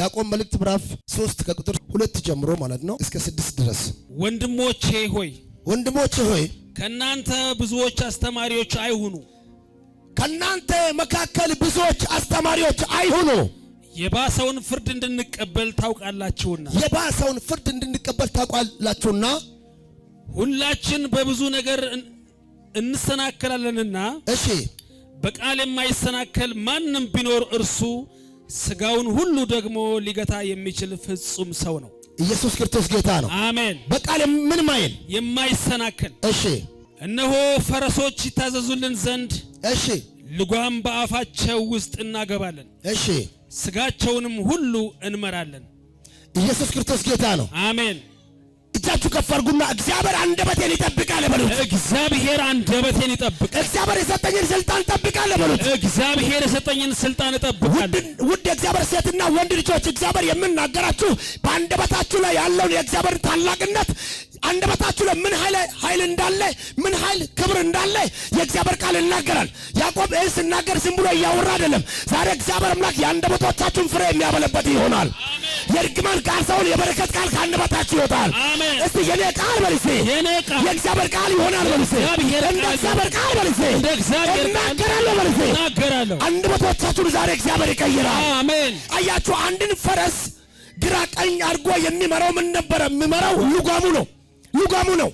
ያዕቆብ መልእክት ምዕራፍ ሶስት ከቁጥር ሁለት ጀምሮ ማለት ነው እስከ ስድስት ድረስ ወንድሞቼ ሆይ ወንድሞቼ ሆይ ከእናንተ ብዙዎች አስተማሪዎች አይሁኑ ከእናንተ መካከል ብዙዎች አስተማሪዎች አይሁኑ የባሰውን ፍርድ እንድንቀበል ታውቃላችሁና የባሰውን ፍርድ እንድንቀበል ታውቃላችሁና ሁላችን በብዙ ነገር እንሰናከላለንና እሺ በቃል የማይሰናከል ማንም ቢኖር እርሱ ስጋውን ሁሉ ደግሞ ሊገታ የሚችል ፍጹም ሰው ነው። ኢየሱስ ክርስቶስ ጌታ ነው። አሜን። በቃል ምን ማይል የማይሰናከል እሺ። እነሆ ፈረሶች ይታዘዙልን ዘንድ እሺ፣ ልጓም በአፋቸው ውስጥ እናገባለን እሺ፣ ስጋቸውንም ሁሉ እንመራለን። ኢየሱስ ክርስቶስ ጌታ ነው። አሜን። እጆቻችሁ ከፍ አድርጉና እግዚአብሔር አንደበቴን ይጠብቃል በሉት። እግዚአብሔር አንደበቴን ይጠብቃል። እግዚአብሔር የሰጠኝን ስልጣን ይጠብቃል በሉት። እግዚአብሔር የሰጠኝን ስልጣን ይጠብቃል። ውድ የእግዚአብሔር ሴትና ወንድ ልጆች እግዚአብሔር የምናገራችሁ በአንደበታችሁ ላይ ያለውን የእግዚአብሔር ታላቅነት አንደበታችሁ ላይ ምን ኃይል ኃይል እንዳለ ምን ኃይል ክብር እንዳለ የእግዚአብሔር ቃል ይናገራል። ያዕቆብ ይህን ሲናገር ዝም ብሎ እያወራ አይደለም። ዛሬ እግዚአብሔር አምላክ የአንደበቶቻችሁን ፍሬ የሚያበለበት ይሆናል። የእርግማን ቃል ሳይሆን የበረከት ቃል ከአንደበታችሁ ይወጣል። እስቲ የኔ ቃል በልሴ የእግዚአብሔር ቃል ይሆናል በልሴ እንደ እግዚአብሔር ቃል በልሴ እናገራለሁ በልሴ አንደበቶቻችሁን ዛሬ እግዚአብሔር ይቀይራል። አሜን። አያችሁ አንድን ፈረስ ግራ ቀኝ አድርጎ የሚመራው ምን ነበረ? የሚመራው ልጓሙ ነው። ልጓሙ ነው።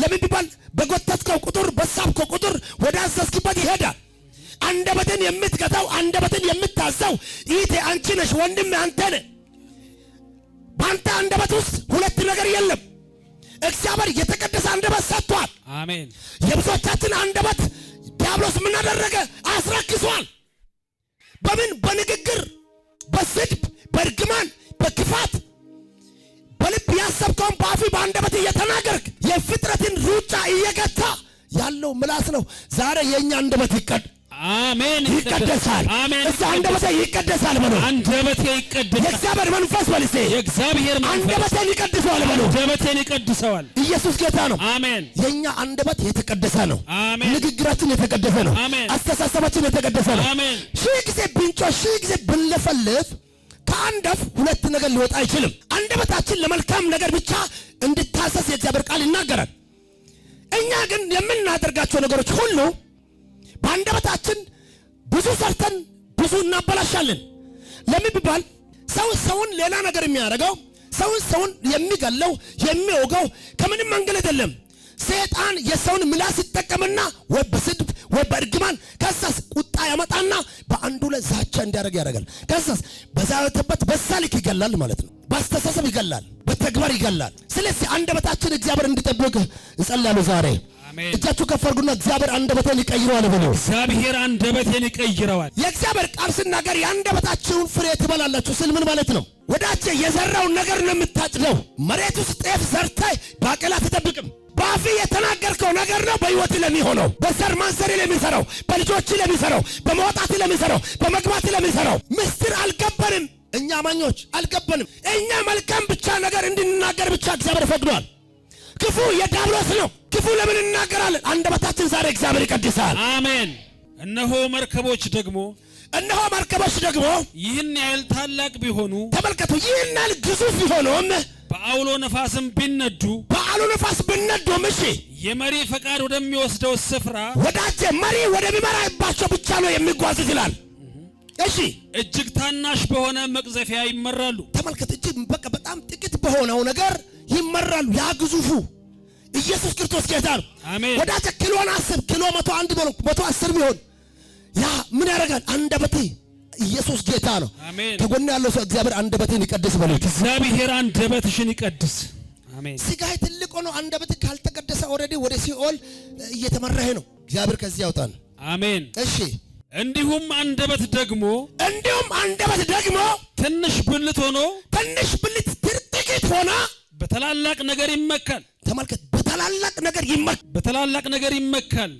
ለምን ቢባል በጎተትከው ቁጥር በሳብከው ቁጥር ወደ አዘዝክበት ይሄዳል። አንደበትን የምትገታው አንደበትን የምታዘው ይቴ አንቺ ነሽ፣ ወንድም አንተ ነህ። በአንተ አንደበት ውስጥ ሁለት ነገር የለም። እግዚአብሔር የተቀደሰ አንደበት ሰጥቷል። አሜን። የብዙዎቻችን አንደበት ዲያብሎስ ምን አደረገ? አስረክሷል። በምን? በንግግር፣ በስድብ፣ በእርግማን፣ በክፋት በልብ ያሰብከውን በአፍ በአንደበት እየተናገርክ የፍጥረትን ሩጫ እየገታ ያለው ምላስ ነው። ዛሬ የእኛ አንደበት ይቀድ አሜን ይቀደሳል። እዚ አንደበቴ ይቀደሳል በሉ። አንደበቴ ይቀደሳል። የእግዚአብሔር መንፈስ በልሴ የእግዚአብሔር መንፈስ አንደበቴን ይቀድሰዋል በሉ። አንደበቴን ይቀድሰዋል። ኢየሱስ ጌታ ነው። አሜን። የኛ አንደበት የተቀደሰ ነው። አሜን። ንግግራችን የተቀደሰ ነው። አሜን። አስተሳሰባችን የተቀደሰ ነው። ሺህ ጊዜ ብንጮህ፣ ሺህ ጊዜ ብንለፈልፍ ከአንደፍ ሁለት ነገር ሊወጣ አይችልም። አንደበታችን ለመልካም ነገር ብቻ እንድታሰስ የእግዚአብሔር ቃል ይናገራል። እኛ ግን የምናደርጋቸው ነገሮች ሁሉ በአንደበታችን ብዙ ሰርተን ብዙ እናበላሻለን። ለምን ቢባል ሰው ሰውን ሌላ ነገር የሚያደርገው ሰውን ሰውን የሚገለው የሚወገው ከምንም መንገድ አይደለም። ሰይጣን የሰውን ምላስ ይጠቀምና ወይ በስድብ ወይ በእርግማን ከዛስ ቁጣ ያመጣና በአንዱ ላይ ዛቻ እንዲያደርግ ያደርጋል። ከዛስ በዛ ያወተበት በዛ ልክ ይገላል ማለት ነው። በአስተሳሰብ ይገላል፣ በተግባር ይገላል። ስለዚህ አንደበታችን እግዚአብሔር እንዲጠብቅ እንጸልያለሁ ዛሬ እጃችሁ ከፍ አድርጉና እግዚአብሔር አንደበቴን ይቀይረዋል ብሎ እግዚአብሔር አንደበቴን ይቀይረዋል። የእግዚአብሔር ቃል ሲናገር የአንደበታችሁን ፍሬ ትበላላችሁ ስል ምን ማለት ነው? ወዳጄ የዘራውን ነገር ነው የምታጭደው። መሬት ውስጥ ጤፍ ዘርታይ ባቄላ አትጠብቅም። በአፍ የተናገርከው ነገር ነው በህይወት ለሚሆነው፣ በዘር ማንዘር ለሚሰራው፣ በልጆች ለሚሰራው፣ በመውጣት ለሚሰራው፣ በመግባት ለሚሰራው ምስጢር አልገባንም። እኛ አማኞች አልገባንም። እኛ መልካም ብቻ ነገር እንድንናገር ብቻ እግዚአብሔር ፈቅዷል። ክፉ የዳብሎስ ነው። ክፉ ለምን እናገራለን? አንደበታችን ዛሬ እግዚአብሔር ይቀድሳል። አሜን። እነሆ መርከቦች ደግሞ እነሆ መርከቦች ደግሞ ይህን ያህል ታላቅ ቢሆኑ ተመልከቱ፣ ይህን ያህል ግዙፍ ቢሆኑም በአውሎ ነፋስም ቢነዱ አውሎ ነፋስ ብነዶም እሺ፣ የመሪ ፈቃድ ወደሚወስደው ስፍራ ወዳጀ መሪ ወደሚመራባቸው ብቻ ነው የሚጓዝ ይላል። እሺ፣ እጅግ ታናሽ በሆነ መቅዘፊያ ይመራሉ። ተመልከት፣ እጅግ በቃ በጣም ጥቂት በሆነው ነገር ይመራሉ። ያ ግዙፉ ኢየሱስ ክርስቶስ ጌታ ነው። አሜን። ወዳጀ ኪሎን አስብ፣ ኪሎ መቶ አንድ በለው መቶ አስር ቢሆን ያ ምን ያደርጋል? አንደበቴ ኢየሱስ ጌታ ነው። አሜን። ከጎን ያለው ሰው እግዚአብሔር አንደበቴን ይቀድስ በሉት። እግዚአብሔር አንደበትሽን ይቀድስ። ስጋ ትልቅ ሆኖ አንደበትህ ካልተቀደሰ ኦልሬዲ ወደ ሲኦል እየተመራህ ነው። እግዚአብሔር ከዚህ ያውጣን። አሜን። እሺ። እንዲሁም አንደበት ደግሞ እንዲሁም አንደበት ደግሞ ትንሽ ብልት ሆኖ ትንሽ ብልት ጥቂት ሆና በታላላቅ ነገር ይመካል። ተመልከት፣ ነገር ይመካል። ነገር ይመካል።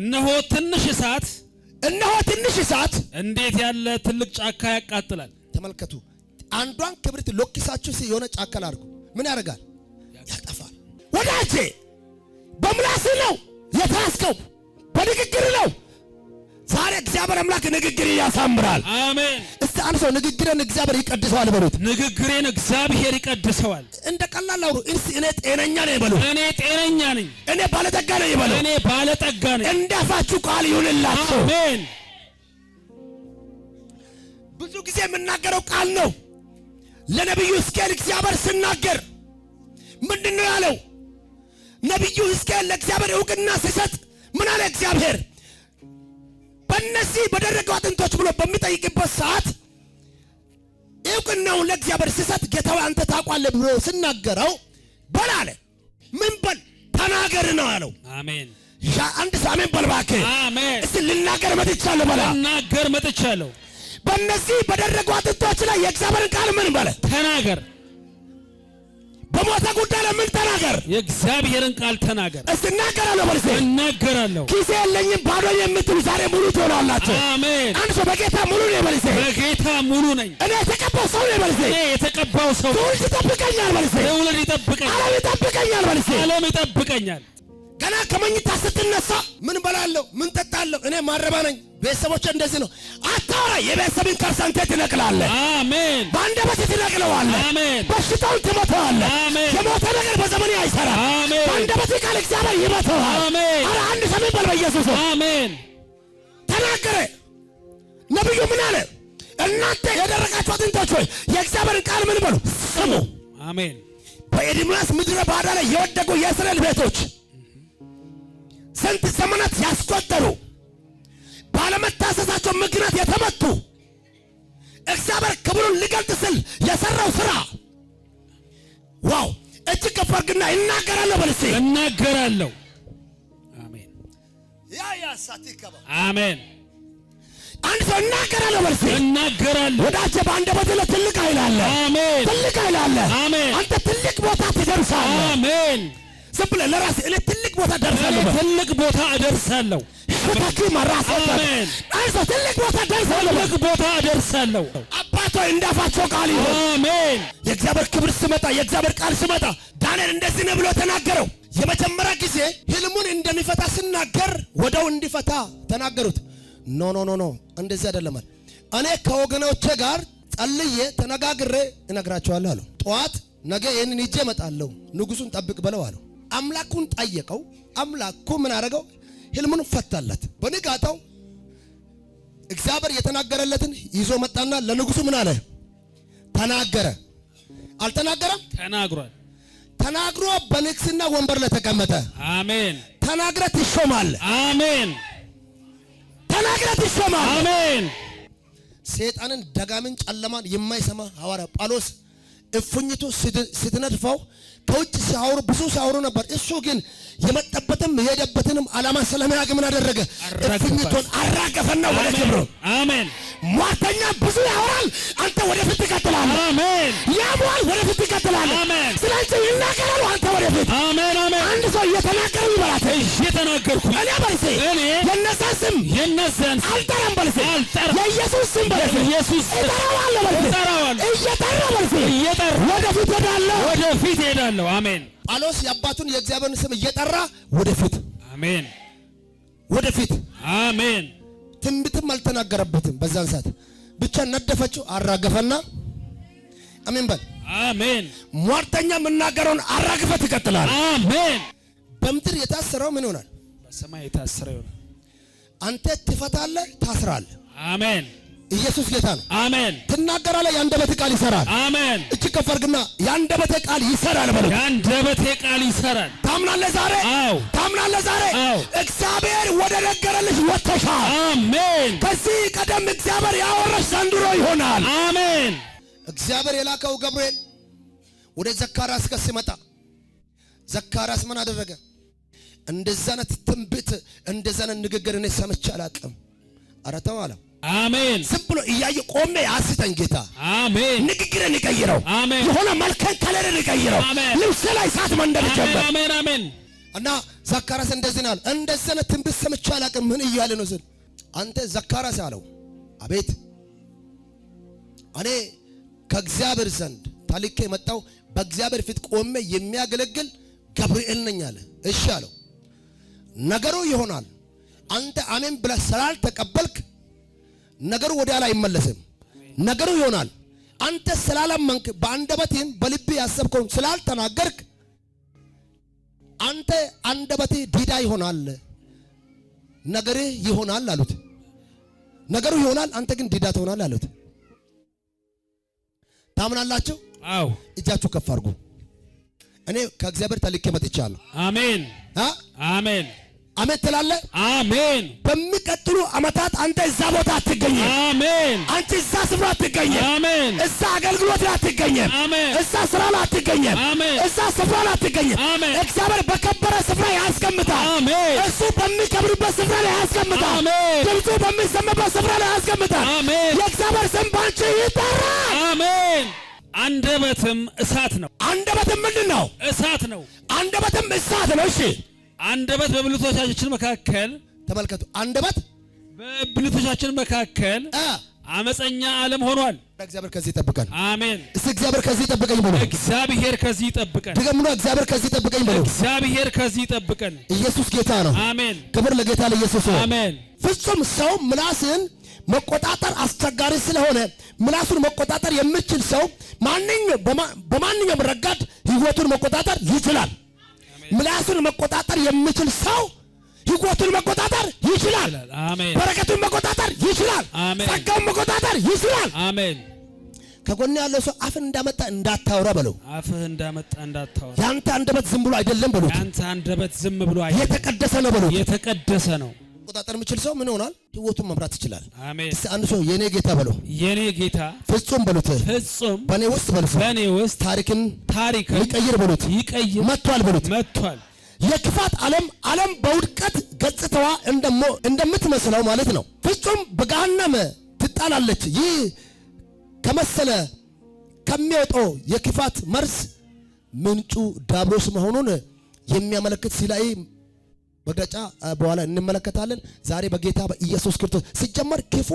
እነሆ ትንሽ እሳት እነሆ ትንሽ እሳት እንዴት ያለ ትልቅ ጫካ ያቃጥላል። ተመልከቱ። አንዷን ክብሪት ሎኪሳችሁ የሆነ ጫካ አድርጉ። ምን ያደርጋል? ያጠፋል። ወዳጄ በምላስ ነው የተያዝከው፣ በንግግር ነው። ዛሬ እግዚአብሔር አምላክ ንግግር ያሳምራል። አሜን። እስቲ አንድ ሰው ንግግርን እግዚአብሔር ይቀድሰዋል በሉት። ንግግሬን እግዚአብሔር ይቀድሰዋል። እንደ ቀላል አውሩ። እስቲ እኔ ጤነኛ ነኝ በሉ። እኔ ጤነኛ ነኝ፣ እኔ ባለጠጋ ነኝ በሉ። እኔ ባለጠጋ ነኝ። እንዳፋችሁ ቃል ይሁንላችሁ። አሜን። ብዙ ጊዜ የምናገረው ቃል ነው ለነቢዩ ሕዝቅኤል እግዚአብሔር ስናገር ምንድን ነው ያለው? ነቢዩ ሕዝቅኤል ለእግዚአብሔር እውቅና ሲሰጥ ምን አለ? እግዚአብሔር በእነዚህ በደረቁ አጥንቶች ብሎ በሚጠይቅበት ሰዓት እውቅናውን ለእግዚአብሔር ሲሰጥ ጌታው አንተ ታውቋለህ ብሎ ስናገረው በል አለ። ምን በል ተናገር ነው ያለው። አሜን። አንድ ሰው አሜን በል እባክህ። አሜን። እስቲ ልናገር መጥቻለሁ በላ። ልናገር መጥቻለሁ በእነዚህ በደረጉ አጥንቶች ላይ የእግዚአብሔርን ቃል ምን በለ ተናገር። በሞተ ጉዳይ ላይ ምን ተናገር? የእግዚአብሔርን ቃል ተናገር። እስናገራለሁ በልሴ እናገራለሁ። ጊዜ የለኝም ባዶ የምትሉ ዛሬ ሙሉ ትሆናላችሁ። አሜን። አንድ ሰው በጌታ ሙሉ ነኝ በልሴ በጌታ ሙሉ ነኝ። እኔ የተቀባው ሰው ነኝ በልሴ እኔ የተቀባው ሰው ትውልድ ይጠብቀኛል በልሴ ትውልድ ይጠብቀኛል። ዓለም ይጠብቀኛል በልሴ ዓለም ይጠብቀኛል። ገና ከመኝታ ስትነሳ ምን በላለሁ፣ ምን ጠጣለሁ፣ እኔ ማረባ ነኝ። ቤተሰቦች እንደዚህ ነው። አታወራ። የቤተሰብን ከርሰንቴ አንተ ትነቅላለህ። አሜን። በት ትነቅለዋለህ። አሜን። በሽታውን ትመታዋለህ። አሜን። የሞተ ነገር በዘመኔ አይሰራ። አሜን። በአንድ በት ቃል እግዚአብሔር ይመተዋል። አሜን። አረ አንድ ሰሜን በል በኢየሱስ አሜን። ተናገረ ነብዩ ምን አለ? እናንተ የደረቃችሁ አጥንቶች ሆይ የእግዚአብሔርን ቃል ምን በሉ ስሙ። አሜን። በኤዶምያስ ምድረ ባዳ ላይ የወደቁ የእስራኤል ቤቶች ስንት ዘመናት ያስቆጠሩ ባለመታሰሳቸው ምክንያት የተመቱ እግዚአብሔር ክብሩን ሊገልጥ ስል የሰራው ስራ ዋው! እጅግ ከፈርግና ይናገራለሁ፣ በልሴ እናገራለሁ። አሜን። ያ ያ ሳቲ አሜን። አንድ ሰው እናገራለሁ፣ በልሴ እናገራለሁ። ወዳጀ በአንድ ላይ ትልቅ ኃይል አለ። አሜን። ትልቅ ኃይል አለ። አሜን። አንተ ትልቅ ቦታ ትደርሳለህ። አሜን። ዝም ብለህ ለራስህ እኔ ትልቅ ቦታ ደርሳለሁ፣ ትልቅ ቦታ እደርሳለሁ። ህይወታችሁ ማራስ አሜን። አይዞህ፣ ትልቅ ቦታ ደርሳለሁ፣ ትልቅ ቦታ እደርሳለሁ። አባቶ እንዳፋቸው ቃል ይሁን አሜን። የእግዚአብሔር ክብር ስመጣ፣ የእግዚአብሔር ቃል ስመጣ፣ ዳንኤል እንደዚህ ነው ብሎ ተናገረው። የመጀመሪያ ጊዜ ህልሙን እንደሚፈታ ስናገር ወደው እንዲፈታ ተናገሩት። ኖ ኖ ኖ ኖ፣ እንደዚህ አይደለም። እኔ ከወገኖቼ ጋር ጸልዬ ተነጋግሬ እነግራቸዋለሁ አሉ። ጠዋት ነገ ይህንን ይዤ እመጣለሁ፣ ንጉሱን ጠብቅ በለው አለው። አምላኩን ጠየቀው። አምላኩ ምን አደረገው? ህልሙን ፈታለት። በንጋታው እግዚአብሔር የተናገረለትን ይዞ መጣና ለንጉሱ ምን አለ? ተናገረ። አልተናገረም? ተናግሯል። ተናግሮ በንግስና ወንበር ላይ ተቀመጠ። አሜን። ተናግረ ትሾማል። አሜን። ተናግረ ትሾማል። አሜን። ሰይጣንን ደጋምን ጨለማን የማይሰማ ሐዋርያ ጳውሎስ እፉኝቱ ስትነድፈው ከውጭ ሲያወሩ ብዙ ሲያወሩ ነበር። እሱ ግን የመጠበትም የሄደበትንም ዓላማ ስለሚያውቅ ምን አደረገ? እፍኝቶን አራገፈና ወደ ክብሩ። አሜን። ሟተኛ ብዙ ያወራል፣ አንተ ወደፊት ትቀጥላለህ። አሜን። ያሟል፣ ወደፊት ትቀጥላለህ። አሜን። ስለዚህ ይናገራሉ፣ አንተ ወደፊት። አሜን፣ አሜን። አንድ ሰው እየተናገሩ ይበላት። እሺ፣ እየተናገርኩ እኔ በልሴ እኔ የነሳን ስም የነሳን አልጠራም፣ በልሴ አልጠራ የኢየሱስ ስም በልሴ ኢየሱስ እጠራዋለሁ፣ በልሴ እጠራዋለሁ፣ እየጠራ በልሴ እየጠራ ወደፊት ሄዳለሁ፣ ወደፊት ሄዳለሁ አለው። አሜን። ጳውሎስ የአባቱን የእግዚአብሔርን ስም እየጠራ ወደፊት፣ አሜን፣ ወደፊት፣ አሜን። ትንቢትም አልተናገረበትም በዛን ሰዓት ብቻ ነደፈችው፣ አራገፈና አሜን በል አሜን። ሟርተኛ የምናገረውን አራግፈት ይቀጥላል። አሜን። በምድር የታሰረው ምን ይሆናል? በሰማይ የታሰረው ይሆናል። አንተ ትፈታለህ፣ ታስራለህ። አሜን። ኢየሱስ ጌታ ነው። አሜን። ትናገራለህ፣ የአንደበት ቃል ይሰራል። አሜን። እቺ ከፍ አድርግና የአንደበት ቃል ይሰራል በለው። የአንደበት ቃል ይሰራል። ታምናለህ ዛሬ? አዎ። ታምናለህ ዛሬ? አዎ። እግዚአብሔር ወደ ነገረልሽ ወጥተሻል። አሜን። ከዚህ ቀደም እግዚአብሔር ያወራሽ ዘንድሮ ይሆናል። አሜን። እግዚአብሔር የላከው ገብርኤል ወደ ዘካርያስ ጋር ሲመጣ ዘካርያስ ምን አደረገ? እንደዛ አይነት ትንቢት እንደዛ አይነት ንግግር እኔ ሰምቼ አላውቅም። አረተው አለው አሜን። ዝም ብሎ እያየ ቆሜ አስተን ጌታ አሜን። ንግግርን ንቀይረው፣ የሆነ መልከን ከለር ንቀይረው፣ ልብስ ላይ እሳት መንደድ ጀመር። አሜን አሜን። እና ዘካርያስ እንደዚህ ነው። እንደዚህ ነው ትንቢት ሰምቼ አላቅም። ምን እያለ ነው ስል አንተ ዘካርያስ አለው፣ አቤት እኔ ከእግዚአብሔር ዘንድ ታልኬ መጣው በእግዚአብሔር ፊት ቆሜ የሚያገለግል ገብርኤል ነኝ አለ። እሺ አለው። ነገሩ ይሆናል አንተ አሜን ብለህ ስላልተቀበልክ ነገሩ ወዲያ ላይ አይመለስም። ነገሩ ይሆናል። አንተ ስላላመንክ በአንደበትህም በልብ ያሰብከውን ስላልተናገርክ አንተ አንደበትህ ዲዳ ይሆናል። ነገርህ ይሆናል አሉት። ነገሩ ይሆናል፣ አንተ ግን ዲዳ ትሆናል አሉት። ታምናላችሁ? አዎ። እጃችሁ ከፍ አድርጉ። እኔ ከእግዚአብሔር ተልኬ መጥቻለሁ። አሜን፣ አሜን። አመት ትላለህ። አሜን። በሚቀጥሉ አመታት አንተ እዛ ቦታ አትገኝም። አሜን። አንቺ እዛ ስፍራ አትገኝም። አሜን። እዛ አገልግሎት ላይ አትገኝም። አሜን። እዛ ስራ ላይ አትገኝም። አሜን። እዛ ስፍራ ላይ አትገኝም። አሜን። እግዚአብሔር በከበረ ስፍራ ያስቀምጣል። አሜን። እሱ በሚከብርበት ስፍራ ላይ ያስቀምጣል። አሜን። ድምፁ በሚሰማበት ስፍራ ላይ ያስቀምጣል። አሜን። የእግዚአብሔር ስም ባንቺ ይጠራል። አሜን። አንደበትም እሳት ነው። አንደበትም ምንድን ነው? እሳት ነው። አንደበትም እሳት ነው። እሺ አንደበት በብልቶቻችን መካከል ተመልከቱ። አንደበት በብልቶቻችን መካከል አመፀኛ ዓለም ሆኗል። እግዚአብሔር ከዚህ ይጠብቀን። አሜን። እስቲ እግዚአብሔር ከዚህ ይጠብቀኝ ብሎ እግዚአብሔር ከዚህ ይጠብቀን። ደግሞ እግዚአብሔር ከዚህ ይጠብቀኝ ብሎ እግዚአብሔር ከዚህ ይጠብቀን። ኢየሱስ ጌታ ነው። አሜን። ክብር ለጌታ ለኢየሱስ ነው። አሜን። ፍጹም ሰው ምላስን መቆጣጠር አስቸጋሪ ስለሆነ ምላሱን መቆጣጠር የምችል ሰው ማንኛውም በማንኛውም ረጋድ ህይወቱን መቆጣጠር ይችላል። ምላሱን መቆጣጠር የሚችል ሰው ህይወቱን መቆጣጠር ይችላል። በረከቱን መቆጣጠር ይችላል። ጸጋውን መቆጣጠር ይችላል። አሜን። ከጎን ያለው ሰው አፍ እንዳመጣ እንዳታወራ በለው። አፍህ እንዳመጣ እንዳታወራ። ያንተ አንደበት ዝም ብሎ አይደለም በሉት። ያንተ አንደበት ዝም ብሎ አይደለም፣ የተቀደሰ ነው በሉት። የተቀደሰ ነው መቆጣጠር የሚችል ሰው ምን ይሆናል? ህይወቱን መምራት ይችላል። አሜን። እስቲ አንድ ሰው የኔ ጌታ በለው። የኔ ጌታ ፍጹም በሉት። ፍጹም በኔ ውስጥ በሉት። በኔ ውስጥ ታሪክን ታሪክን ይቀይር በሉት። ይቀይር መጥቷል በሉት። መጥቷል። የክፋት ዓለም ዓለም በውድቀት ገጽታዋ እንደሞ እንደምትመስለው ማለት ነው። ፍጹም በገሃነም ትጣላለች። ይህ ከመሰለ ከሚወጣው የክፋት መርስ ምንጩ ዳብሮስ መሆኑን የሚያመለክት ሲላይ መግለጫ በኋላ እንመለከታለን። ዛሬ በጌታ በኢየሱስ ክርስቶስ ሲጀመር ክፉ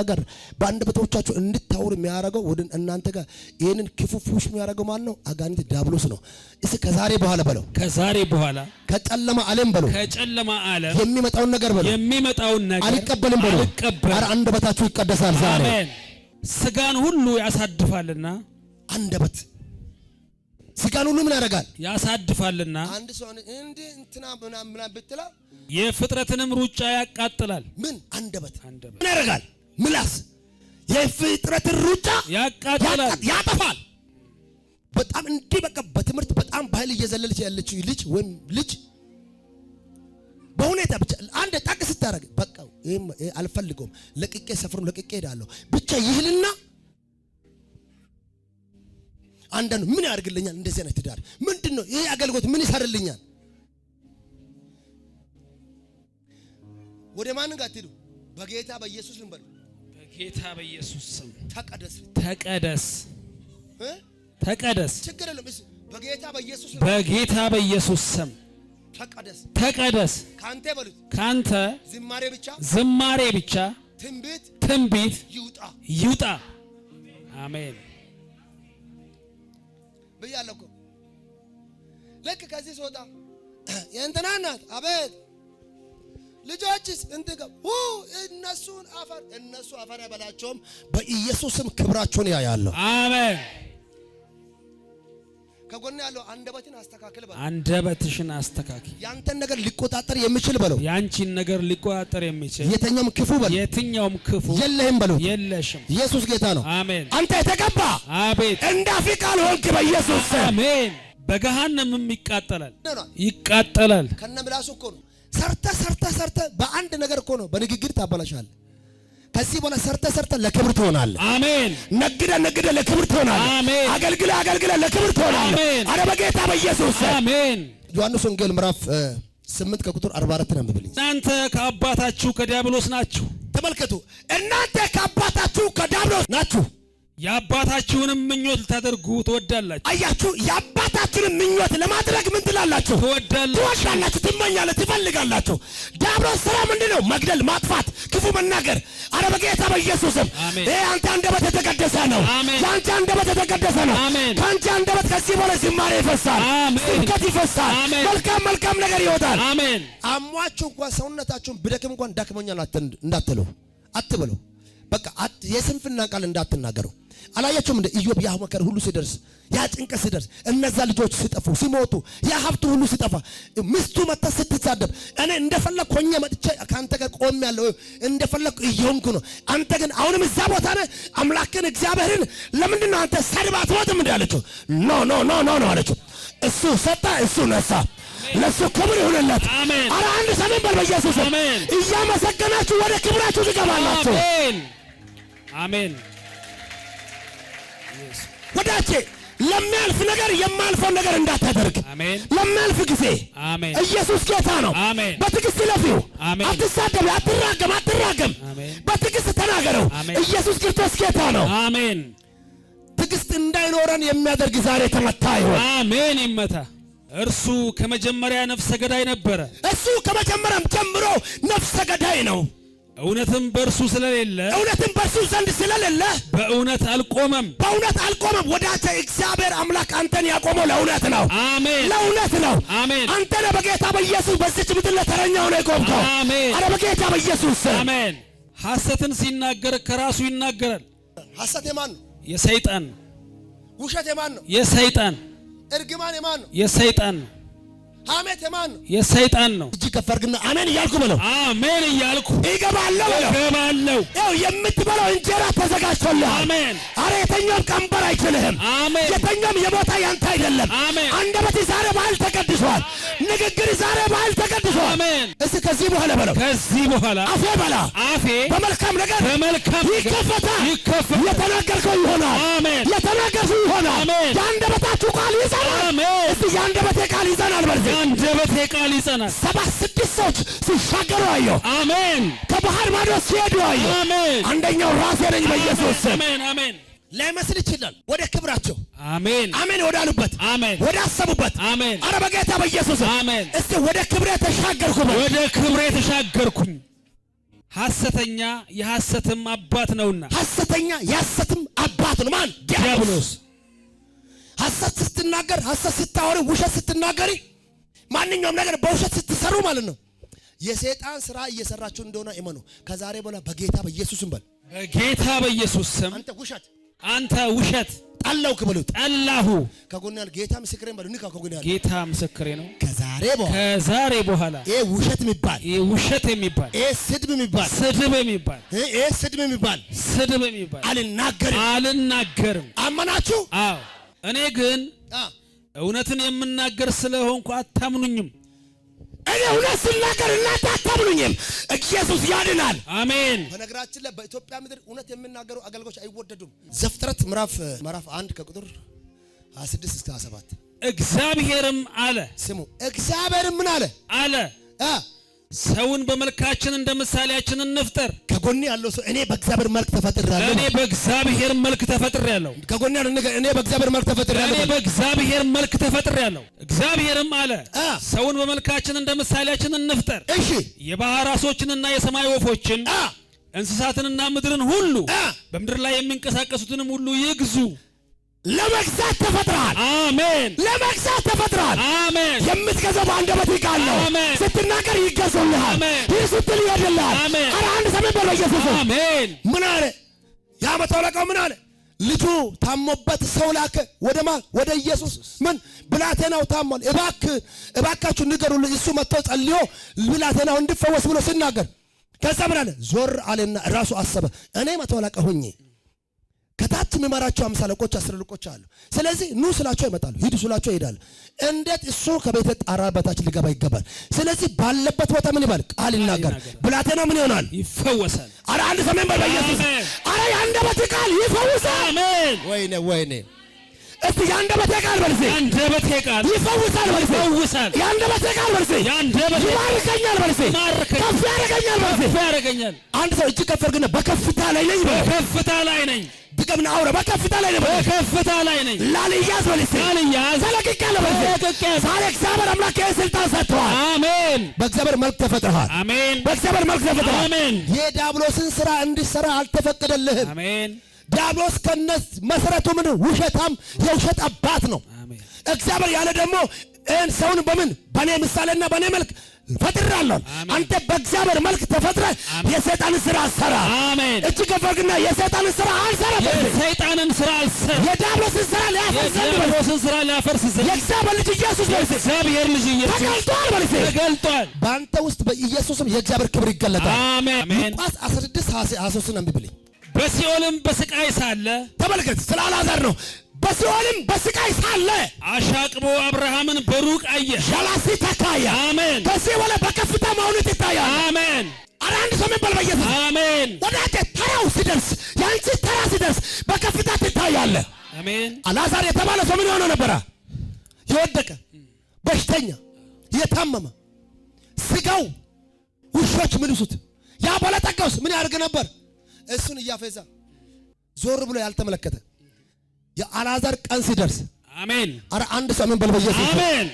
ነገር በአንደበቶቻችሁ እንድታወሩ የሚያደርገው ወደ እናንተ ጋር ይህንን ክፉ ፉሽ የሚያደርገው ማን ነው? አጋንንት ዲያብሎስ ነው። እስ ከዛሬ በኋላ በለው፣ ከዛሬ በኋላ ከጨለማ ዓለም በለው፣ ከጨለማ ዓለም የሚመጣውን ነገር በለው፣ የሚመጣውን ነገር አልቀበልም በለው። ኧረ አንደበታችሁ ይቀደሳል ዛሬ። ስጋን ሁሉ ያሳድፋልና አንደበት ስጋን ሁሉ ምን ያደርጋል? ያሳድፋልና አንድ ሰው እንዴ እንትና ምናምን ብትላ የፍጥረትንም ሩጫ ያቃጥላል። ምን አንደበት አንደበት ምን ያደርጋል? ምላስ የፍጥረትን ሩጫ ያቃጥላል፣ ያጠፋል። በጣም እንዲህ በቃ በትምህርት በጣም ባህል እየዘለለች ያለችው ልጅ ወይም ልጅ በሁኔታ ብቻ አንድ ጠቅ ስታደርግ በቃ አልፈልገውም፣ ለቅቄ ሰፍርም ለቅቄ ሄዳለሁ ብቻ ይህልና አንዳንዱ ምን ያደርግልኛል? እንደዚህ አይነት ትዳር ምንድን ነው ይሄ አገልግሎት ምን ይሰርልኛል? ወደ ማን ጋር ትሄዱ? በጌታ በኢየሱስ ስም በሉ። በጌታ በኢየሱስ ስም ተቀደስ፣ ተቀደስ፣ ተቀደስ። ችግር የለም። በጌታ በኢየሱስ ስም፣ በጌታ በኢየሱስ ስም ተቀደስ፣ ተቀደስ። ካንተ በሉት፣ ካንተ ዝማሬ ብቻ፣ ዝማሬ ብቻ፣ ትንቢት፣ ትንቢት ይውጣ፣ ይውጣ። አሜን። ብያለሁ እኮ ልክ ከዚህ ስወጣ የእንትና እናት አቤት ልጆችስ እንትገ እነሱን አፈር እነሱ አፈር አይበላቸውም። በኢየሱስም ክብራቸውን ያያለሁ። አሜን። ከጎን ያለው አንደበትን አስተካክል በለው። አንደበትሽን አስተካክል። ያንተን ነገር ሊቆጣጠር የሚችል በለው። ያንቺን ነገር ሊቆጣጠር የሚችል የትኛውም ክፉ በለው። የትኛውም ክፉ የለህም በለው። የለሽም። ኢየሱስ ጌታ ነው። አሜን። አንተ የተቀባ አቤት፣ ሆንክ በኢየሱስ አሜን። በገሃነምም ይቃጠላል፣ ይቃጠላል። ከነ ምላሱ እኮ ነው። ሰርተ ሰርተ ሰርተ በአንድ ነገር እኮ ነው። በንግግር ታበላሻለህ ከዚህ በኋላ ሰርተ ሰርተ ለክብር ትሆናለህ። አሜን። ነግደ ነግደ ለክብር ትሆናለህ። አሜን። አገልግለ አገልግለ ለክብር አሜን። አረ በጌታ በኢየሱስ አሜን። ዮሐንስ ወንጌል ምዕራፍ 8 ከቁጥር 44 ነው ብልኝ። እናንተ ከአባታችሁ ከዲያብሎስ ናችሁ። ተመልከቱ፣ እናንተ ከአባታችሁ ከዲያብሎስ ናችሁ የአባታችሁንም ምኞት ልታደርጉ ትወዳላችሁ። አያችሁ፣ የአባታችሁንም ምኞት ለማድረግ ምን ትላላችሁ? ትወዳላችሁ፣ ትመኛለ፣ ትፈልጋላችሁ። ዲያብሎስ ስራ ምንድን ነው? መግደል፣ ማጥፋት፣ ክፉ መናገር። አረ በጌታ በኢየሱስም ይሄ አንተ አንደበት የተቀደሰ ነው። የአንተ አንደበት የተቀደሰ ነው። ከአንተ አንደበት ከዚህ በኋላ ዝማሬ ይፈሳል፣ ስብከት ይፈሳል፣ መልካም መልካም ነገር ይወጣል። አሟችሁ እንኳን ሰውነታችሁን ብደክም እንኳን ዳክመኛል እንዳትሉ፣ አትበሉ። በቃ የስንፍና ቃል እንዳትናገሩ አላያቸውም እንደ ኢዮብ ያ መከራ ሁሉ ሲደርስ ያ ጭንቀት ሲደርስ እነዛ ልጆች ሲጠፉ ሲሞቱ ያ ሀብቱ ሁሉ ሲጠፋ ሚስቱ መታ ስትሳደብ እኔ እንደፈለግ ኮኛ መጥቼ ከአንተ ጋር ቆም ያለው እንደፈለግ እየሆንኩ ነው። አንተ ግን አሁንም እዛ ቦታ ነህ። አምላክን እግዚአብሔርን ለምንድን ነው አንተ ሰድባ ትወጥም እንደ አለችው። ኖ ኖ ኖ ኖ ነው አለችው። እሱ ሰጣ፣ እሱ ነሳ። ለሱ ክብር ይሁንለት። አረ አንድ ሰሜን በል በኢየሱስ እያመሰገናችሁ ወደ ክብራችሁ ትገባላችሁ። አሜን። ወዳቼ ለሚያልፍ ነገር የማልፈው ነገር እንዳታደርግ። ለሚያልፍ ጊዜ ኢየሱስ ጌታ ነው። በትዕግስት ለፊው። አትሳደብ፣ አትራገም፣ አትራገም። በትዕግስት ተናገረው። ኢየሱስ ክርስቶስ ጌታ ነው። አሜን። ትዕግስት እንዳይኖረን የሚያደርግ ዛሬ ተመታ ይሁን። አሜን። ይመታ። እርሱ ከመጀመሪያ ነፍሰ ገዳይ ነበረ። እሱ ከመጀመሪያም ጀምሮ ነፍሰ ገዳይ ነው። እውነትም በእርሱ ስለሌለ እውነትም በእርሱ ዘንድ ስለሌለ በእውነት አልቆመም፣ በእውነት አልቆመም። ወዳጀ እግዚአብሔር አምላክ አንተን ያቆመው ለእውነት ነው። አሜን፣ ለእውነት ነው። አሜን። አንተ በጌታ በኢየሱስ በዚች ምድር ለተረኛው ነው የቆምከው። አሜን። አረ በጌታ በኢየሱስ አሜን። ሐሰትን ሲናገር ከራሱ ይናገራል። ሐሰት የማን ነው? የሰይጣን ነው። ውሸት የማን ነው? የሰይጣን። እርግማን የማን ነው? የሰይጣን ነው። ሐሜት የማን ነው? የሰይጣን ነው። እጅ ከፍ አድርግና አሜን እያልኩ በለው። አሜን እያልኩ ይገባለሁ ይገባለሁ። ይኸው የምትበላው እንጀራ ተዘጋጅቶልህ። አሜን። አረ የተኛውም ቀንበር አይችልህም። አሜን። የተኛውም የሞታ ያንተ አይደለም። አሜን። አንደበት ዛሬ በዓል ተቀደ ተቀድሷል። ንግግር ዛሬ በኃይል ተቀድሷል። አሜን። ከዚህ በኋላ በለው፣ ከዚህ በኋላ አፌ በላ አፌ በመልካም ነገር በመልካም ይከፈታል፣ ይከፈታል። የተናገርከው ይሆናል። አሜን። የተናገርከው ይሆናል። አሜን። የአንደበታችሁ ቃል ይጸናል። አሜን። እስቲ የአንደበቴ ቃል ይጸናል። በርዚ የአንደበቴ ቃል ይጸናል። ሰባ ስድስት ሰዎች ሲሻገሩ አየሁ። አሜን። ከባህር ማዶ ሲሄዱ አየሁ። አሜን። አንደኛው ራሴ ነኝ በኢየሱስ ስም። አሜን። አሜን። ላይመስል ይችላል። ወደ ክብራቸው አሜን አሜን ወዳሉበት አሜን ወዳሰቡበት አሜን። አረ በጌታ በኢየሱስ አሜን። እስቲ ወደ ክብሬ ተሻገርኩ፣ ወደ ክብሬ ተሻገርኩኝ። ሐሰተኛ የሐሰትም አባት ነውና ሐሰተኛ የሐሰትም አባት ነው ማን? ዲያብሎስ። ሐሰት ስትናገር፣ ሐሰት ስታወሪ፣ ውሸት ስትናገሪ፣ ማንኛውም ነገር በውሸት ስትሰሩ ማለት ነው የሰይጣን ስራ እየሰራችሁ እንደሆነ እመኑ። ከዛሬ በኋላ በጌታ በኢየሱስም በል በጌታ በኢየሱስ ስም አንተ ውሸት አንተ ውሸት ጠላሁክ በሉት። ጠላሁ ከጎን ያለ ጌታ ምስክሬን በሉ። ንካ ከጎን ያለ ጌታ ምስክሬ ነው። ከዛሬ በኋላ ከዛሬ በኋላ ይሄ ውሸት የሚባል ይሄ ውሸት የሚባል ይሄ ስድብ የሚባል ስድብ የሚባል ይሄ ስድብ የሚባል ስድብ የሚባል አልናገርም አልናገርም። አመናችሁ? አዎ። እኔ ግን እውነትን የምናገር ስለሆንኩ አታምኑኝም። እኔ እውነት ስናገር እናንተ አታምኑኝም። ኢየሱስ ያድናል። አሜን። በነገራችን ላይ በኢትዮጵያ ምድር እውነት የሚናገሩ አገልግሎች አይወደዱም። ዘፍጥረት ምዕራፍ ምዕራፍ 1 ከቁጥር 26 እስከ 27 እግዚአብሔርም አለ ስሙ እግዚአብሔርም ምን አለ አለ ሰውን በመልካችን እንደ ምሳሌያችን እንፍጠር። ከጎኔ ያለው ሰው እኔ በእግዚአብሔር መልክ ተፈጥሬያለሁ። እኔ በእግዚአብሔር መልክ ተፈጥሬያለሁ። ከጎኔ ያለው ነገር እኔ በእግዚአብሔር መልክ ተፈጥሬያለሁ። እኔ በእግዚአብሔር መልክ ተፈጥሬያለሁ። እግዚአብሔርም አለ ሰውን በመልካችን እንደ ምሳሌያችን እንፍጠር። እሺ የባህር ዓሦችንና የሰማይ ወፎችን እንስሳትንና ምድርን ሁሉ በምድር ላይ የሚንቀሳቀሱትንም ሁሉ ይግዙ። ለመግዛት ተፈጥራል። አሜን። ለመግዛት ተፈጥራል። አሜን። የምትገዛው በአንደበት ቃል ነው። ስትናገር ይገዛልሃል። ይህ ስትል ይሄድልሃል። ኧረ አንድ ሰሜን በለው ኢየሱስ። አሜን። ምን አለ የዓመቱ አለቃው? ምን አለ ልጁ ታሞበት ሰው ላከ ወደ ማ ወደ ኢየሱስ። ምን ብላቴናው ታሟል፣ እባክህ እባካችሁ ንገሩ፣ እሱ መጥቶ ጸልዮ ብላቴናው እንድፈወስ ብሎ ሲናገር ከዛ ምን አለ ዞር አለና ራሱ አሰበ እኔ መቶ አለቃ ከታች መማራቸው አምሳ አለቆች አስር አለቆች አሉ። ስለዚህ ኑ ስላቸው ይመጣሉ፣ ሂዱ ስላቸው ይሄዳሉ። እንዴት እሱ ከቤተ ጣራ በታች ሊገባ ይገባል። ስለዚህ ባለበት ቦታ ምን ይባል ቃል ይናገር። ብላቴናው ምን ይሆናል? ይፈወሳል። አረ አንድ ሰሜን በል በኢየሱስ አረ የአንደበት ቃል ይፈውሳል። አሜን። ወይኔ ወይኔ እስቲ የአንደበቴ ቃል በልሴ የአንደበቴ ቃል ይፈውሳል በልሴ ይፈውሳል። የአንደበቴ ቃል በልሴ የአንደበቴ ይባርከኛል በልሴ ከፍ ያደርገኛል በልሴ ከፍ ያደርገኛል። አንድ ሰው እጅ ከፍ አድርግና በከፍታ ላይ ነኝ በከፍታ ላይ ነኝ አትጠብቅም ነው። አውራ በከፍታ ላይ ነኝ፣ በከፍታ ላይ ነኝ። ላልያዝ በልስ ላልያዝ ተለቅቄያለሁ፣ በልስ ዛሬ እግዚአብሔር አምላክ ስልጣን ሰጥቷል። አሜን። በእግዚአብሔር መልክ ተፈጥረሃል። አሜን። በእግዚአብሔር መልክ ተፈጥረሃል። አሜን። የዲያብሎስን ስራ እንድትሰራ አልተፈቀደልህም። አሜን። ዲያብሎስ ከነስ መሰረቱ ምን ውሸታም የውሸት አባት ነው። እግዚአብሔር ያለ ደግሞ ሰውን በምን በኔ ምሳሌና በኔ መልክ ፈጥራለሁ። አንተ በእግዚአብሔር መልክ ተፈጥረ የሰይጣን ስራ አሰራ። አሜን። እጅ ከፈግና የሰይጣን ስራ አልሰራ። የሰይጣንን ስራ አልሰራ። የዲያብሎስን ስራ ሊያፈርስ ዘንድ የዲያብሎስን ስራ ሊያፈርስ ዘንድ የእግዚአብሔር ልጅ ኢየሱስ መልስ እግዚአብሔር ልጅ ኢየሱስ ተገልጧል። መልስ ተገልጧል። በአንተ ውስጥ በኢየሱስም የእግዚአብሔር ክብር ይገለጣል። አሜን። ሉቃስ 16 23 ነው። ቢብልኝ በሲኦልም በስቃይ ሳለ ተመልከት፣ ስለ አልዓዛር ነው በሲኦልም በስቃይ ሳለ አሻቅቦ አብርሃምን በሩቅ አየ። ያላሲ ተካያ አሜን። ከዚህ በኋላ በከፍታ ማውነት ይታያል። አሜን። ኧረ አንድ ሰው የሚባል በኢየሱስ አሜን። ወዳጄ ተራው ሲደርስ፣ ያንቺ ተራ ሲደርስ በከፍታ ትታያለ። አሜን። አልዓዛር የተባለ ሰው ምን የሆነ ነበረ? የወደቀ በሽተኛ፣ የታመመ ስጋው ውሾች ምልሱት። ያ ባለጠጋውስ ምን ያደርግ ነበር? እሱን እያፈዛ? ዞር ብሎ ያልተመለከተ የአልዓዛር ቀን ሲደርስ አሜን። አረ አንድ ሰው ምን በል በኢየሱስ አሜን።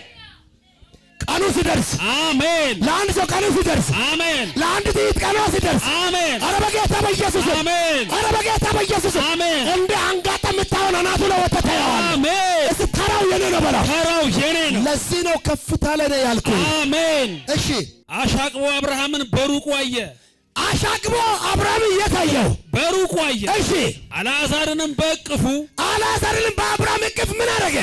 ቀኑ ሲደርስ አሜን። ለአንድ ሰው ቀኑ ሲደርስ አሜን። ለአንድ ጥይት ቀኑ ሲደርስ አሜን። አረ በጌታ በኢየሱስ አሜን። አረ በጌታ በኢየሱስ አሜን። እንደ አንጋጣ የምታየውን ናቱ ላይ ወጥተህ አሜን። እስ ተራው የኔ ነው በላ ተራው የኔ ነው። ለዚህ ነው ከፍታ ላይ ነው ያልኩህ። አሜን። እሺ አሻቅቦ አብርሃምን በሩቁ አየ። አሻግቦ አብርሃም እየታየው በሩቁ አየ። እሺ አልዓዛርንም በእቅፉ አልዓዛርንም በአብርሃም እቅፍ ምን አደረገ?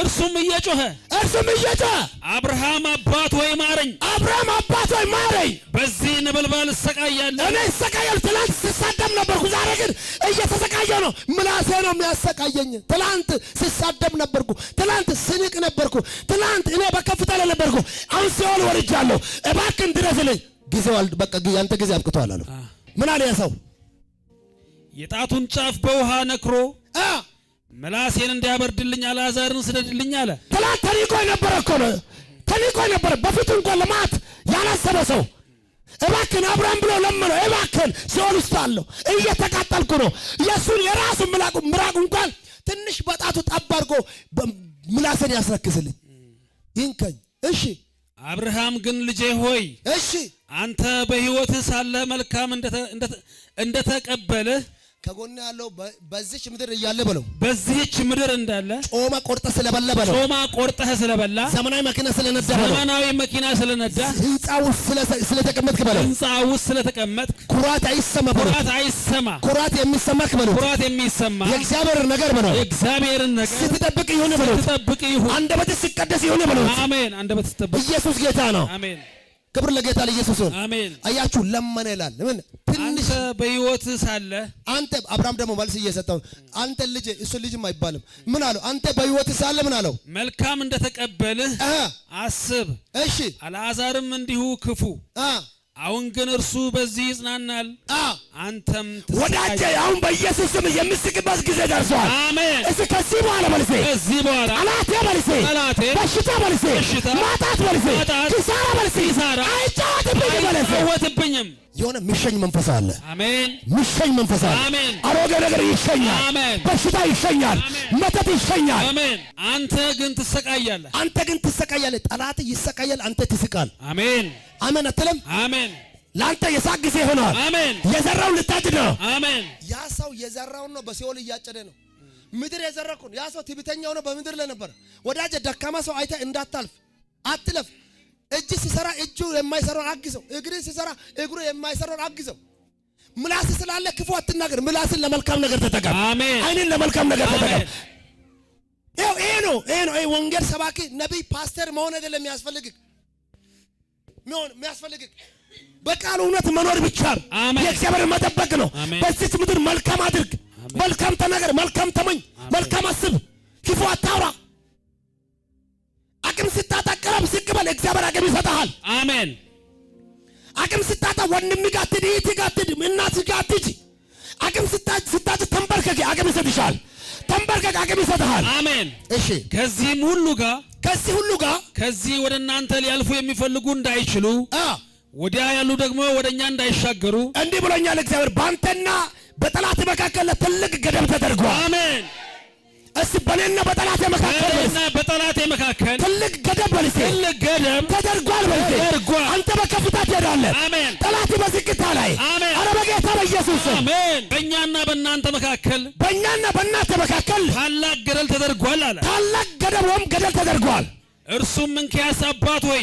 እርሱም እየጮኸ እርሱም እየጮኸ አብርሃም አባት ወይ ማረኝ፣ አብርሃም አባት ወይ ማረኝ፣ በዚህ ንብልባል እሰቃያለሁ። እኔ እሰቃያለሁ። ትላንት ስሳደም ነበርኩ፣ ዛሬ ግን እየተሰቃየሁ ነው። ምላሴ ነው የሚያሰቃየኝ። ትላንት ስሳደም ነበርኩ፣ ትላንት ስንቅ ነበርኩ፣ ትላንት እኔ በከፍታ ላይ ነበርኩ። አሁን ሲኦል ወርጃለሁ። እባክን ድረስልኝ ጊዜው በቃ ያንተ ጊዜ አብቅቷል አለው። ምን አለ ያ ሰው? የጣቱን ጫፍ በውሃ ነክሮ ምላሴን እንዲያበርድልኝ አልዓዛርን ስደድልኝ አለ። ትናንት ተልኮ የነበረ እኮ ነው፣ ተልኮ የነበረ በፊቱ እንኳን ልማት ያላሰበ ሰው እባክን አብራም ብሎ ለምነው፣ እባክን ሲኦል ውስጥ አለው እየተቃጠልኩ ነው። የእሱን የራሱን ምላቁ ምራቁ እንኳን ትንሽ በጣቱ ጠብ አድርጎ ምላሴን ያስረክስልኝ ይንከኝ እሺ አብርሃም ግን ልጄ ሆይ እሺ አንተ በሕይወትህ ሳለ መልካም እንደተቀበልህ ከጎን ያለው በዚህች ምድር እያለ በለው በዚህች ምድር እንዳለ ጮማ ቆርጠ ስለበላ በለው ጮማ ቆርጠ ስለበላ ዘመናዊ መኪና ስለነዳ በለው ዘመናዊ መኪና ስለነዳ ህንጻው ስለተቀመጥክ በለው ህንጻው ስለተቀመጥክ ኩራት አይሰማ በለው ኩራት አይሰማ ኩራት የሚሰማክ በለው ኩራት የሚሰማ የእግዚአብሔር ነገር በለው የእግዚአብሔር ነገር ስትጠብቅ ይሁን በለው ስትጠብቅ ይሁን አንደበት ሲቀደስ ይሁን በለው አሜን አንደበት ስትጠብቅ ኢየሱስ ጌታ ነው አሜን ክብር ለጌታ ለኢየሱስ ይሁን። አሜን። አያችሁ ለመነ ይላል። ለምን ትንሽ በህይወት ሳለ አንተ አብርሃም ደግሞ መልስ እየሰጠው አንተ ልጅ እሱ ልጅም አይባልም። ምን አለው? አንተ በህይወት ሳለ ምን አለው? መልካም እንደተቀበልህ አስብ። እሺ፣ አልዓዛርም እንዲሁ ክፉ አሁን ግን እርሱ በዚህ ይጽናናል፣ አንተም ወዳጀ አሁን በኢየሱስ ስም የምስቅበት ጊዜ ደርሷል። አሜን። እስኪ ከዚህ በኋላ መልሴ፣ ከዚህ በኋላ ጠላቴ መልሴ፣ ጠላቴ፣ በሽታ መልሴ፣ በሽታ፣ ማጣት መልሴ፣ ኪሳራ መልሴ፣ ኪሳራ አይጫወትብኝም። የሆነ ምሸኝ መንፈስ አለ። አሜን። ምሸኝ መንፈስ አለ። አሜን። አሮጌ ነገር ይሸኛል። አሜን። በሽታ ይሸኛል። መተት ይሸኛል። አሜን። አንተ ግን ትሰቃያለህ። አንተ ግን ትሰቃያለህ። ጠላት ይሰቃያል። አንተ ትስቃል። አሜን። አሜን አትልም? አሜን። ለአንተ የሳቅ ጊዜ ይሆናል። አሜን። የዘራው ልታጭድ ነው። አሜን። ያ ሰው የዘራውን ነው በሲኦል እያጨደ ነው። ምድር የዘረኩን ያ ሰው ትዕቢተኛ ሆኖ በምድር ለነበረ ነበር። ወዳጅ ደካማ ሰው አይተ እንዳታልፍ አትለፍ እጅ ሲሰራ እጁ የማይሰራውን አግዘው። እግር ሲሰራ እግሩ የማይሰራውን አግዘው። ምላስ ስላለ ክፉ አትናገር። ምላስን ለመልካም ነገር ተጠቀም። አሜን። ዓይንን ለመልካም ነገር ተጠቀም። ይሄ ነው ይሄ ነው። ወንጌል ሰባኪ ነቢይ፣ ፓስተር መሆን አይደለም የሚያስፈልግህ ሚሆን የሚያስፈልግህ በቃሉ እውነት መኖር ብቻ የእግዚአብሔር መጠበቅ ነው። በዚች ምድር መልካም አድርግ፣ መልካም ተናገር፣ መልካም ተመኝ፣ መልካም አስብ፣ ክፉ አታውራ። አቅም ስታጣ በጣም ዝቅ በል። እግዚአብሔር አቅም ይሰጥሃል። አሜን። አቅም ስታጣ ወንድም ጋር አትሂድ፣ እህት እናት ጋር አቅም ስታጭ ተንበርከክ፣ አቅም ይሰጥሻል። ተንበርከክ፣ አቅም ይሰጥሃል። አሜን። እሺ ከዚህም ሁሉ ጋር ከዚህ ሁሉ ጋር ከዚህ ወደ እናንተ ሊያልፉ የሚፈልጉ እንዳይችሉ ወዲያ ያሉ ደግሞ ወደ እኛ እንዳይሻገሩ እንዲህ ብሎኛል እግዚአብሔር። በአንተና በጠላት መካከል ትልቅ ገደብ ተደርጓል። አሜን። እስ በኔና በጠላቴ መካከል በጠላቴ መካከል ትልቅ ገደብ በልሴ ትልቅ ገደብ ተደርጓል በልሴ ተደርጓል። አንተ በከፍታ ትሄዳለህ፣ አሜን። ጠላት በዝግታ ላይ አሜን። አረ በጌታ በኢየሱስ አሜን። በእኛና በእናንተ መካከል በእኛና በእናንተ መካከል ታላቅ ገደል ተደርጓል አለ። ታላቅ ገደብ ወይም ገደል ተደርጓል። እርሱም እንኪያስ አባት ሆይ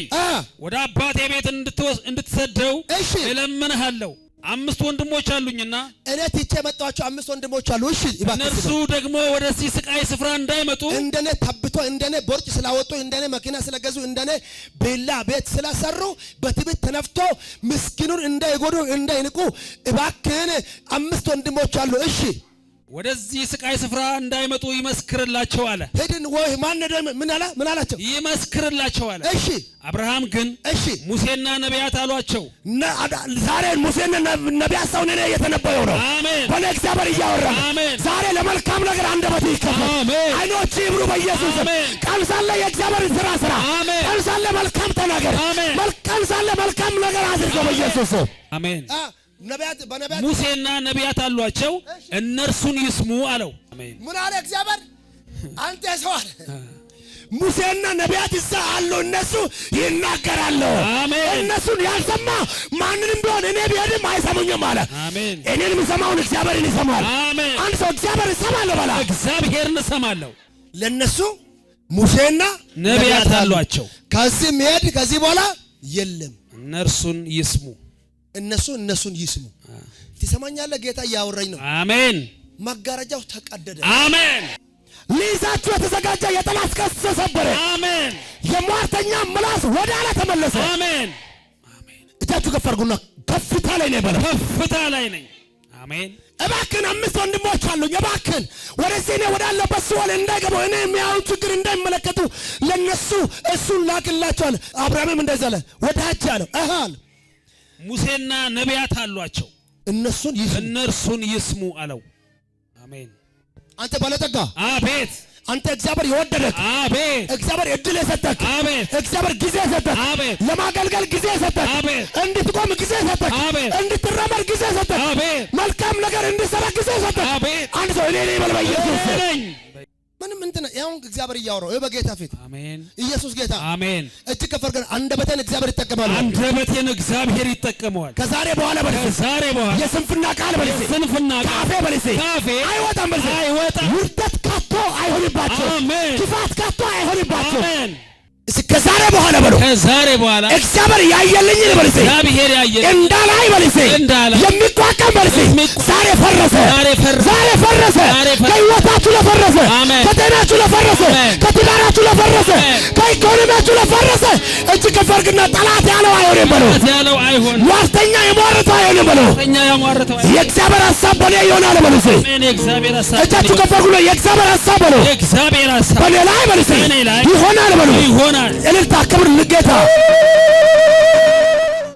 ወደ አባቴ ቤት እንድትወስ እንድትሰደው እሺ እለምንሃለሁ አምስት ወንድሞች አሉኝና እኔ ትቼ የመጣኋቸው አምስት ወንድሞች አሉ። እሺ እነርሱ ደግሞ ወደዚህ ስቃይ ስፍራ እንዳይመጡ እንደኔ ታብቶ እንደኔ ቦርጭ ስላወጡ እንደኔ መኪና ስለገዙ እንደኔ ቤላ ቤት ስላሰሩ በትዕቢት ተነፍቶ ምስኪኑን እንዳይጎዱ እንዳይንቁ እባክህን አምስት ወንድሞች አሉ። እሺ ወደዚህ ስቃይ ስፍራ እንዳይመጡ ይመስክርላቸው አለ። ሄድን ወይ ማን ደም ምን አለ ምን አላቸው? ይመስክርላቸው አለ። እሺ አብርሃም ግን እሺ ሙሴና ነቢያት አሏቸው። ዛሬ ሙሴና ነቢያት ሰው ነኝ የተነበየው ነው። አሜን። ወለ እግዚአብሔር እያወራ አሜን። ዛሬ ለመልካም ነገር አንደበት ይከፈት። አሜን። አይኖች ይብሩ በኢየሱስ ስም። ቃል ሳለ የእግዚአብሔር ስራ ስራ። አሜን። ቃል ሳለ መልካም ተናገር። አሜን። መልካም ሳለ መልካም ነገር አድርገው በኢየሱስ ስም። አሜን። ሙሴና ነቢያት አሏቸው፣ እነርሱን ይስሙ አለው። ምን አለ እግዚአብሔር? አንተ ሰው አለ ሙሴና ነቢያት እዛ አሉ፣ እነሱ ይናገራሉ። እነሱን ያልሰማ ማንንም ቢሆን እኔ ቢሄድም አይሰሙኝም አለ። እኔን የሚሰማውን እግዚአብሔርን ይሰማል። አንድ ሰው እግዚአብሔር እሰማለሁ በላ። እግዚአብሔርን እሰማለሁ። ለእነሱ ሙሴና ነቢያት አሏቸው። ከዚህ ሄድ ከዚህ በኋላ የለም። እነርሱን ይስሙ እነሱ እነሱን ይስሙ። ትሰማኛለህ? ጌታ እያወራኝ ነው። አሜን። መጋረጃው ተቀደደ። አሜን። ሊይዛችሁ የተዘጋጀ የጠላት ቀስት ተሰበረ። አሜን። የሟርተኛ ምላስ ወደ አለ ተመለሰ። አሜን። እጃችሁ ከፍ አድርጉና ከፍታ ላይ ነኝ በለው። ከፍታ ላይ ነኝ። አሜን። እባክህን አምስት ወንድሞች አሉኝ። እባክህን ወደዚህ እኔ ወዳለበት ሲኦል እንዳይገባው እኔ የሚያዩ ችግር እንዳይመለከቱ ለነሱ እሱን ላክላቸዋል። አብርሃምም እንደዛ አለ። ወዳጅ አለው አሃል ሙሴና ነቢያት አሏቸው። እነሱን ይስሙ እነርሱን ይስሙ አለው። አሜን። አንተ ባለጠጋ አቤት አንተ እግዚአብሔር የወደደክ አቤት፣ እግዚአብሔር እድል የሰጠክ አቤት፣ እግዚአብሔር ጊዜ የሰጠክ አቤት፣ ለማገልገል ጊዜ የሰጠክ አቤት፣ እንድትቆም ጊዜ የሰጠክ አቤት፣ እንድትራመድ ጊዜ የሰጠክ አቤት፣ መልካም ነገር እንድሰራ ጊዜ የሰጠክ አቤት። አንድ ሰው እኔ ነኝ በል በኢየሱስ ምንም እንትን ያው እግዚአብሔር እያወራው ይሄ በጌታ ፊት አሜን። ኢየሱስ ጌታ አሜን። እጅግ ከፈር ግን አንደበቴን እግዚአብሔር ይጠቀማል። አንደበቴን እግዚአብሔር ይጠቀመዋል። ከዛሬ በኋላ በልሴ፣ ከዛሬ በኋላ የስንፍና ቃል በልሴ፣ የስንፍና ቃል በልሴ፣ ካፌ አይወጣም፣ በልሴ አይወጣም። ውርደት ከቶ አይሆንባቸው፣ አሜን። ክፋት ከቶ አይሆንባቸው፣ አሜን። እስከ በኋላ በሉ ከዛሬ በኋላ እግዚአብሔር ያየልኝ በልሴ እግዚአብሔር ያየልኝ እንዳላይ በልሴ የሚቋቋም በልሴ ዛሬ ፈረሰ ዛሬ ፈረሰ ዛሬ ፈረሰ፣ ከህይወታችሁ ለፈረሰ ከጤናችሁ ለፈረሰ ከትዳራችሁ ለፈረሰ ከኢኮኖሚያችሁ ለፈረሰ እጅ ከፍ አድርግና ጠላት ያለው አይሆንም በሉ ዋርተኛ የሟርተው አይሆንም በሉ የእግዚአብሔር ሐሳብ በኔ ይሆናል በልሴ እጃችሁ ከፍ አድርጉ የእግዚአብሔር ሐሳብ በሉ በኔ ላይ በልሴ ይሆናል በሉ እልልታ ክብር ልጌታ